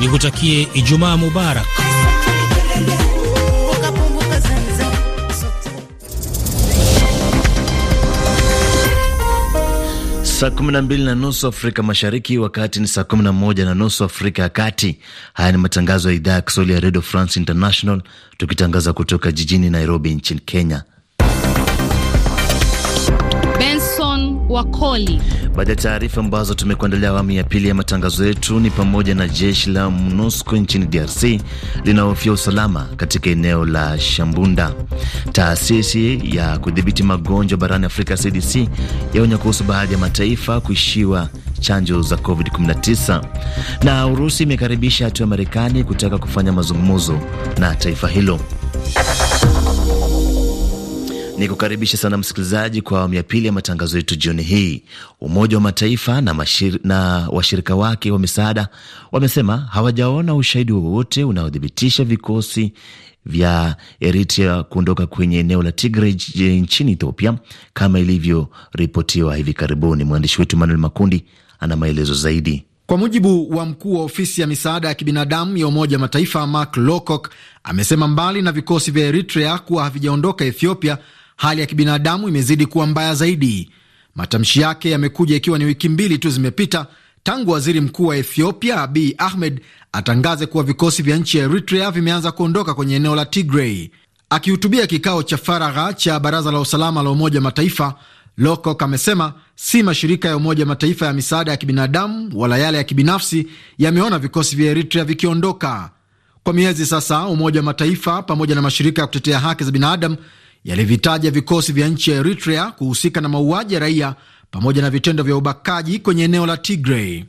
nikutakie Ijumaa Mubarak. Saa 12 na nusu Afrika Mashariki, wakati ni saa 11 na nusu Afrika ya Kati. Haya ni matangazo ya idhaa ya Kiswahili ya Redio France International, tukitangaza kutoka jijini Nairobi nchini Kenya. Benson Wakoli Baadhi ya taarifa ambazo tumekuandalia awamu ya pili ya matangazo yetu ni pamoja na jeshi la MONUSCO nchini DRC linahofia usalama katika eneo la Shambunda. Taasisi ya kudhibiti magonjwa barani Afrika CDC yaonya kuhusu baadhi ya mataifa kuishiwa chanjo za COVID-19, na Urusi imekaribisha hatua ya Marekani kutaka kufanya mazungumzo na taifa hilo. Ni kukaribisha sana msikilizaji kwa awamu ya pili ya matangazo yetu jioni hii. Umoja wa Mataifa na, mashir, na washirika wake wa misaada wamesema hawajaona ushahidi wowote unaothibitisha vikosi vya Eritrea kuondoka kwenye eneo la Tigray nchini Ethiopia kama ilivyoripotiwa hivi karibuni. Mwandishi wetu Manuel Makundi ana maelezo zaidi. Kwa mujibu wa mkuu wa ofisi ya misaada ya kibinadamu ya Umoja wa Mataifa Mark Lowcock amesema mbali na vikosi vya Eritrea kuwa havijaondoka Ethiopia, hali ya kibinadamu imezidi kuwa mbaya zaidi. Matamshi yake yamekuja ikiwa ni wiki mbili tu zimepita tangu waziri mkuu wa Ethiopia Abiy Ahmed atangaze kuwa vikosi vya nchi ya Eritrea vimeanza kuondoka kwenye eneo la Tigray. Akihutubia kikao cha faragha cha baraza la usalama la Umoja Mataifa, Lokok amesema si mashirika ya Umoja Mataifa ya misaada ya kibinadamu wala yale ya kibinafsi yameona vikosi vya Eritrea vikiondoka. Kwa miezi sasa, Umoja Mataifa pamoja na mashirika ya kutetea haki za binadamu yalivitaja vikosi vya nchi ya Eritrea kuhusika na mauaji ya raia pamoja na vitendo vya ubakaji kwenye eneo la Tigray.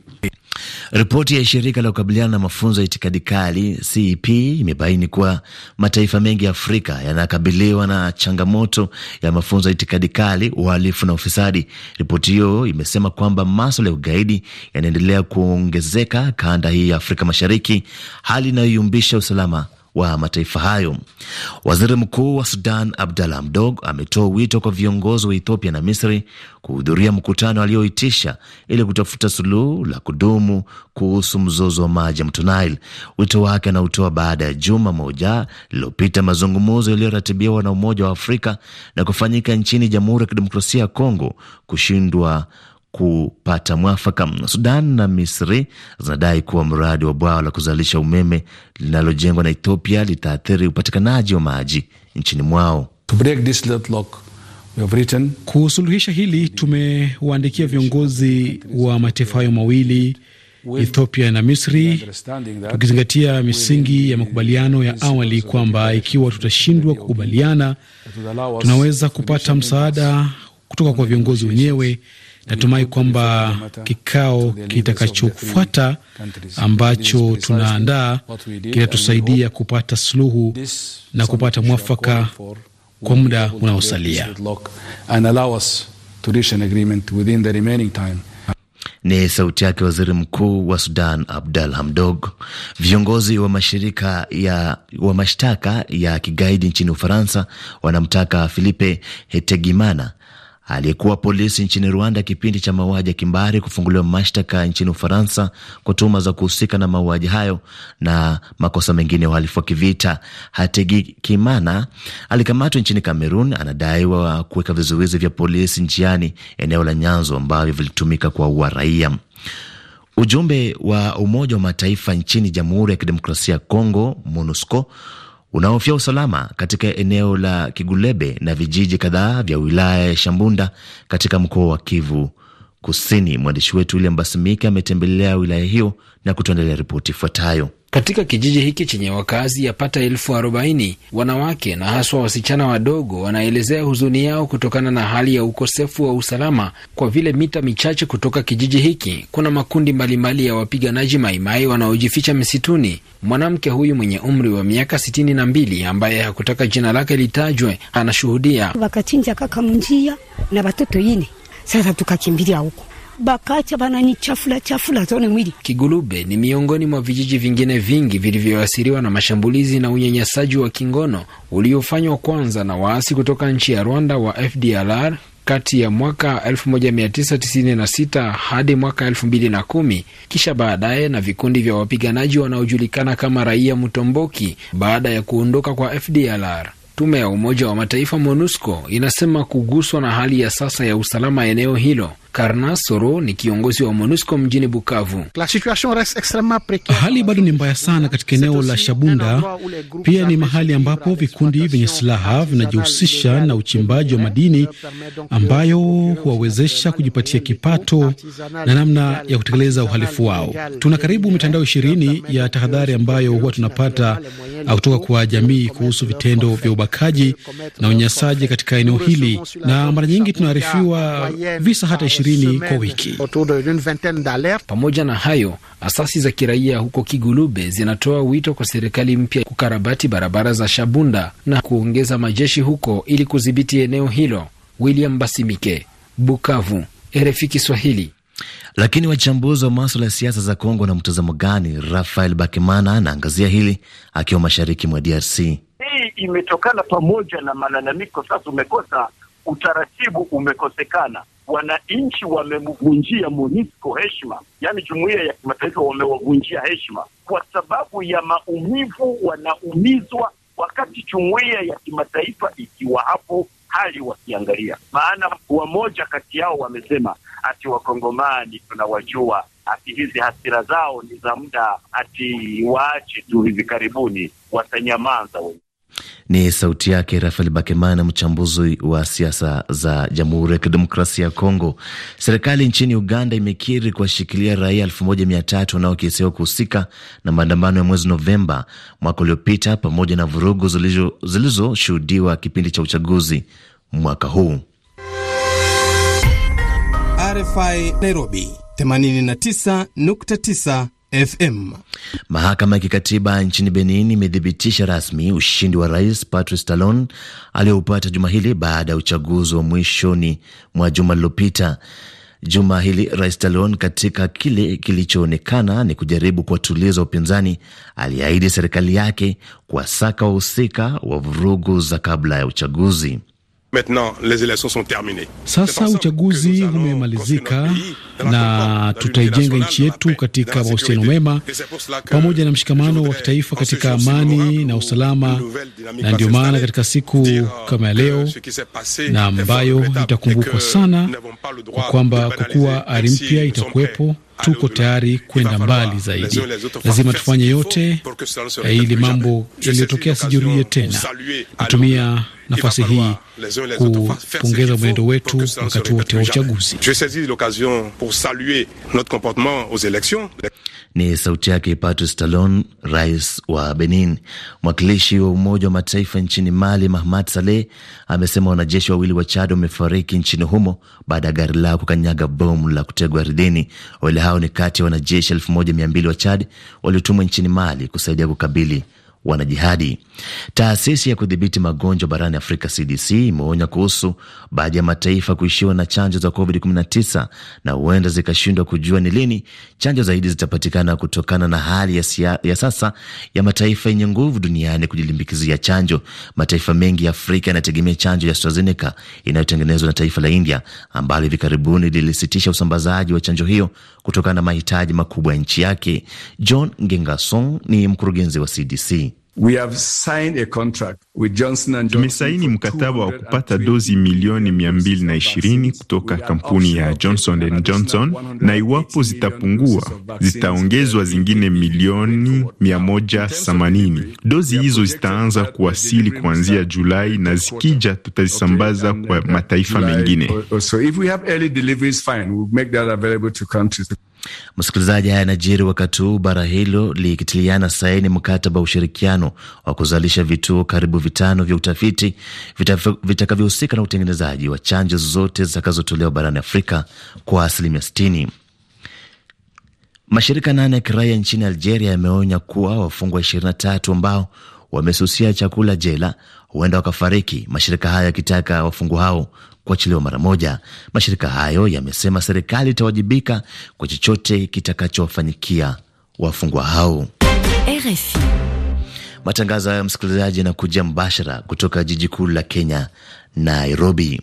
Ripoti ya shirika la kukabiliana na mafunzo ya itikadi kali CEP imebaini kuwa mataifa mengi ya Afrika yanakabiliwa na changamoto ya mafunzo ya itikadi kali, uhalifu na ufisadi. Ripoti hiyo imesema kwamba maswala ya ugaidi yanaendelea kuongezeka kanda hii ya Afrika Mashariki, hali inayoyumbisha usalama wa mataifa hayo. Waziri Mkuu wa Sudan Abdalla Hamdok ametoa wito kwa viongozi wa Ethiopia na Misri kuhudhuria mkutano alioitisha ili kutafuta suluhu la kudumu kuhusu mzozo wa maji ya mto Nile. Wito wake anautoa baada ya juma moja lililopita mazungumzo yaliyoratibiwa na Umoja wa Afrika na kufanyika nchini Jamhuri ya Kidemokrasia ya Kongo kushindwa kupata mwafaka. Sudan na Misri zinadai kuwa mradi wa bwawa la kuzalisha umeme linalojengwa na Ethiopia litaathiri upatikanaji wa maji nchini mwao. To break this deadlock, we have written... Kusuluhisha hili tumewaandikia viongozi wa mataifa hayo mawili Ethiopia na Misri, tukizingatia misingi ya makubaliano ya awali kwamba ikiwa tutashindwa kukubaliana, tunaweza kupata msaada kutoka kwa viongozi wenyewe Natumai kwamba kikao kitakachofuata ambacho tunaandaa kitatusaidia kupata suluhu na kupata mwafaka kwa muda unaosalia. Ni sauti yake waziri mkuu wa Sudan, Abdal Hamdog. Viongozi wa mashirika ya, wa mashtaka ya kigaidi nchini Ufaransa wanamtaka Filipe Hetegimana aliyekuwa polisi nchini Rwanda kipindi cha mauaji ya kimbari kufunguliwa mashtaka nchini Ufaransa kwa tuhuma za kuhusika na mauaji hayo na makosa mengine ya uhalifu wa kivita. kimana alikamatwa nchini Kamerun, anadaiwa kuweka vizuizi vya polisi njiani eneo la Nyanzo ambavyo vilitumika kuwaua raia. Ujumbe wa Umoja wa Mataifa nchini Jamhuri ya Kidemokrasia ya Kongo, MONUSCO unaofia usalama katika eneo la Kigulebe na vijiji kadhaa vya wilaya ya Shambunda katika mkoa wa Kivu Kusini. Mwandishi wetu William Basimike ametembelea wilaya hiyo na kutuandalia ripoti ifuatayo. Katika kijiji hiki chenye wakazi pata elfu arobaini wanawake na haswa wasichana wadogo wanaelezea huzuni yao kutokana na hali ya ukosefu wa usalama. Kwa vile mita michache kutoka kijiji hiki kuna makundi mbalimbali ya wapiganaji Maimai wanaojificha misituni. Mwanamke huyu mwenye umri wa miaka sitini na mbili ambaye hakutaka jina lake litajwe anashuhudia wakachinja kaka mnjia na watoto yini sasa tukakimbilia huko Bakacha bananichafula chafula tone mwili. Kigulube ni miongoni mwa vijiji vingine vingi vilivyoasiriwa na mashambulizi na unyanyasaji wa kingono uliofanywa kwanza na waasi kutoka nchi ya Rwanda wa FDLR kati ya mwaka 1996 hadi mwaka 2010, kisha baadaye na vikundi vya wapiganaji wanaojulikana kama Raia Mtomboki baada ya kuondoka kwa FDLR. Tume ya Umoja wa Mataifa MONUSCO inasema kuguswa na hali ya sasa ya usalama eneo hilo Karna Soro ni kiongozi wa MONUSCO mjini Bukavu. Hali bado ni mbaya sana katika eneo la Shabunda, pia ni mahali ambapo vikundi vyenye silaha vinajihusisha na uchimbaji wa madini ambayo huwawezesha kujipatia kipato na namna ya kutekeleza uhalifu wao. Tuna karibu mitandao ishirini ya tahadhari ambayo huwa tunapata kutoka kwa jamii kuhusu vitendo vya ubakaji na unyanyasaji katika eneo hili, na mara nyingi tunaarifiwa visa hata ishirini ishirini kwa wiki. Pamoja na hayo, asasi za kiraia huko Kigulube zinatoa wito kwa serikali mpya kukarabati barabara za Shabunda na kuongeza majeshi huko ili kudhibiti eneo hilo. William Basimike, Bukavu, RFI Kiswahili. Lakini wachambuzi wa maswala ya siasa za Kongo na mtazamo gani? Rafael Bakimana anaangazia hili akiwa mashariki mwa DRC. Hii imetokana pamoja na malalamiko sasa, umekosa utaratibu, umekosekana wananchi wamemvunjia MONUSCO heshima, yaani jumuiya ya kimataifa wamewavunjia heshima kwa sababu ya maumivu wanaumizwa, wakati jumuiya ya kimataifa ikiwa hapo hali wakiangalia. Maana wamoja kati yao wamesema ati wakongomani tunawajua, ati hizi hasira zao ni za muda, ati waache tu, hivi karibuni watanyamaza wenyewe. Ni sauti yake Rafael Bakemana, mchambuzi wa siasa za Jamhuri ya Kidemokrasia ya Kongo. Serikali nchini Uganda imekiri kuwashikilia raia tatu wanaokisiwa kuhusika na maandamano ya mwezi Novemba mwaka uliopita pamoja na vurugu zilizoshuhudiwa kipindi cha uchaguzi mwaka huu. RFI Nairobi 89.9 FM. Mahakama ya kikatiba nchini Benin imethibitisha rasmi ushindi wa Rais Patrice Talon aliyoupata juma hili baada ya uchaguzi wa mwishoni mwa juma lilopita. Juma hili Rais Talon, katika kile kilichoonekana ni kujaribu kuwatuliza upinzani, aliahidi serikali yake kuwasaka wahusika wa vurugu za kabla ya uchaguzi. Sasa uchaguzi umemalizika na tutaijenga nchi yetu katika mahusiano mema pamoja na mshikamano wa kitaifa katika amani na usalama, na ndio maana katika siku kama ya leo na ambayo itakumbukwa sana kwa kwamba kwa kuwa ari mpya itakuwepo tuko tayari kwenda mbali zaidi. Lazima tufanye yote eh, ili mambo yaliyotokea sijurie tena. Natumia nafasi hii kupongeza mwenendo wetu wakati wote wa uchaguzi. Ni sauti yake Patrice Talon, rais wa Benin. Mwakilishi wa Umoja wa Mataifa nchini Mali, Mahmad Saleh, amesema wanajeshi wawili wa Chad wamefariki nchini humo baada ya gari lao kukanyaga bomu la kutegwa ardhini. Wawili hao ni kati ya wanajeshi elfu moja mia mbili wa Chad waliotumwa nchini Mali kusaidia kukabili wanajihadi. Taasisi ya kudhibiti magonjwa barani Afrika, CDC, imeonya kuhusu baadhi ya mataifa kuishiwa na chanjo za COVID-19 na huenda zikashindwa kujua ni lini chanjo zaidi zitapatikana kutokana na hali ya, siya, ya sasa ya mataifa yenye nguvu duniani kujilimbikizia chanjo. Mataifa mengi ya Afrika yanategemea chanjo ya AstraZeneca inayotengenezwa na taifa la India ambalo hivi karibuni lilisitisha usambazaji wa chanjo hiyo kutokana na mahitaji makubwa ya nchi yake. John Ngengasong ni mkurugenzi wa CDC. Tumesaini mkataba wa kupata dozi milioni mia mbili na ishirini kutoka kampuni ya Johnson and Johnson, na iwapo zitapungua zitaongezwa zingine milioni mia moja themanini. Dozi hizo zitaanza kuwasili kuanzia Julai na zikija, tutazisambaza kwa mataifa mengine. Msikilizaji, haya yanajiri wakati huu bara hilo likitiliana saini mkataba wa ushirikiano wa kuzalisha vituo karibu vitano vya utafiti vitakavyohusika na utengenezaji wa chanjo zote zitakazotolewa barani Afrika kwa asilimia 60. Mashirika nane ya kiraia nchini Algeria yameonya kuwa wafungwa 23 ambao wamesusia chakula jela, huenda wakafariki, mashirika hayo yakitaka wafungwa hao kuachiliwa mara moja. Mashirika hayo yamesema serikali itawajibika kwa chochote kitakachowafanyikia wafungwa hao. RFI. Matangazo haya msikilizaji, yanakuja mbashara kutoka jiji kuu la Kenya, Nairobi.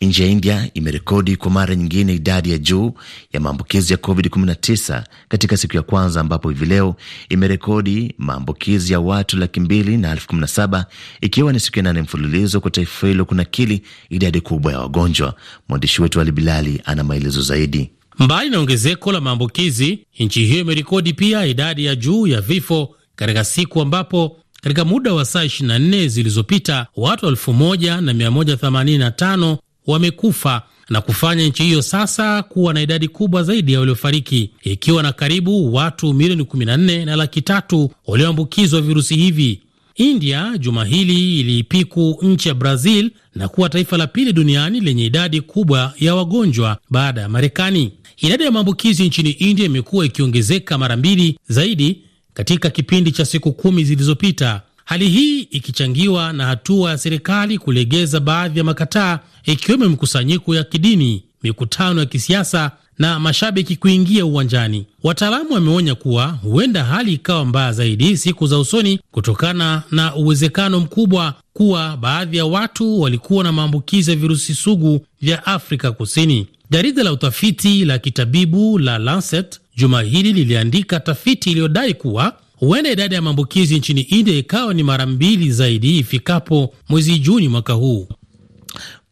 Nchi ya India imerekodi kwa mara nyingine idadi ya juu ya maambukizi ya COVID-19 katika siku ya kwanza, ambapo hivi leo imerekodi maambukizi ya watu laki mbili na elfu kumi na saba ikiwa ni siku ya nane mfululizo kwa taifa hilo kunakili idadi kubwa ya wagonjwa. Mwandishi wetu Ali Bilali ana maelezo zaidi. Mbali na ongezeko la maambukizi, nchi hiyo imerekodi pia idadi ya juu ya vifo katika siku ambapo katika muda wa saa 24 zilizopita watu 1185 wamekufa na kufanya nchi hiyo sasa kuwa na idadi kubwa zaidi ya waliofariki ikiwa na karibu watu milioni 14 na laki tatu walioambukizwa virusi hivi. India juma hili iliipiku nchi ya Brazil na kuwa taifa la pili duniani lenye idadi kubwa ya wagonjwa baada ya Marekani. Idadi ya maambukizi nchini India imekuwa ikiongezeka mara mbili zaidi katika kipindi cha siku kumi zilizopita, hali hii ikichangiwa na hatua ya serikali kulegeza baadhi ya makataa ikiwemo mikusanyiko ya kidini, mikutano ya kisiasa na mashabiki kuingia uwanjani. Wataalamu wameonya kuwa huenda hali ikawa mbaya zaidi siku za usoni kutokana na uwezekano mkubwa kuwa baadhi ya watu walikuwa na maambukizi ya virusi sugu vya Afrika Kusini. Jarida la utafiti la kitabibu la Lancet juma hili liliandika tafiti iliyodai kuwa huenda idadi ya maambukizi nchini India ikawa ni mara mbili zaidi ifikapo mwezi Juni mwaka huu.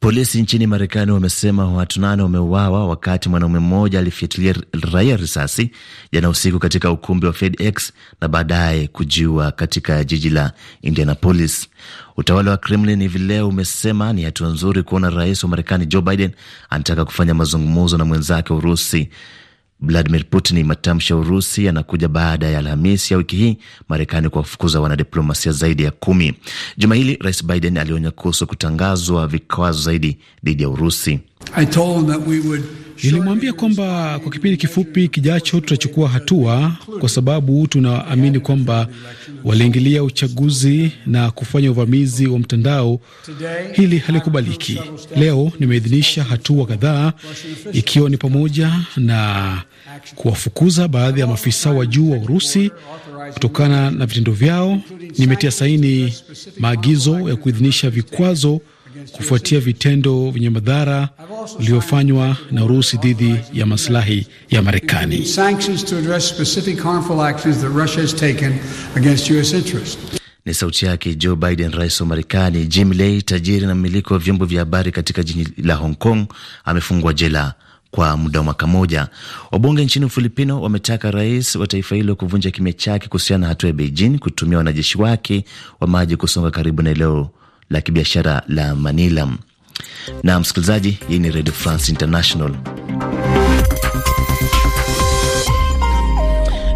Polisi nchini Marekani wamesema watu nane wameuawa wakati mwanaume mmoja alifyatulia raia risasi jana usiku katika ukumbi wa FedEx na baadaye kujiua katika jiji la Indianapolis. Utawala wa Kremlin hivi leo umesema ni hatua nzuri kuona rais wa Marekani Joe Biden anataka kufanya mazungumzo na mwenzake Urusi Vladimir Putin matamshi ya Urusi yanakuja baada ya Alhamisi ya wiki hii Marekani kwa kufukuza wanadiplomasia zaidi ya kumi. Juma hili Rais Biden alionya kuhusu kutangazwa vikwazo zaidi dhidi ya Urusi. I told them that we would... Nilimwambia kwamba kwa kipindi kifupi kijacho tutachukua hatua, kwa sababu tunaamini kwamba waliingilia uchaguzi na kufanya uvamizi wa mtandao. Hili halikubaliki. Leo nimeidhinisha hatua kadhaa, ikiwa ni pamoja na kuwafukuza baadhi ya maafisa wa juu wa Urusi kutokana na vitendo vyao. Nimetia saini maagizo ya kuidhinisha vikwazo kufuatia vitendo vyenye madhara uliofanywa na Urusi dhidi ya maslahi ya Marekani. Ni sauti yake Joe Biden, rais wa Marekani. Jim Ley, tajiri na mmiliki wa vyombo vya habari katika jiji la Hong Kong, amefungwa jela kwa muda wa mwaka mmoja. Wabunge nchini Ufilipino wametaka rais wa taifa hilo kuvunja kimya chake kuhusiana na hatua ya Beijing kutumia wanajeshi wake wa maji kusonga karibu na eneo la kibiashara la Manila. Na msikilizaji, hii ni Radio France International.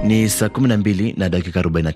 Ni saa 12 na dakika 4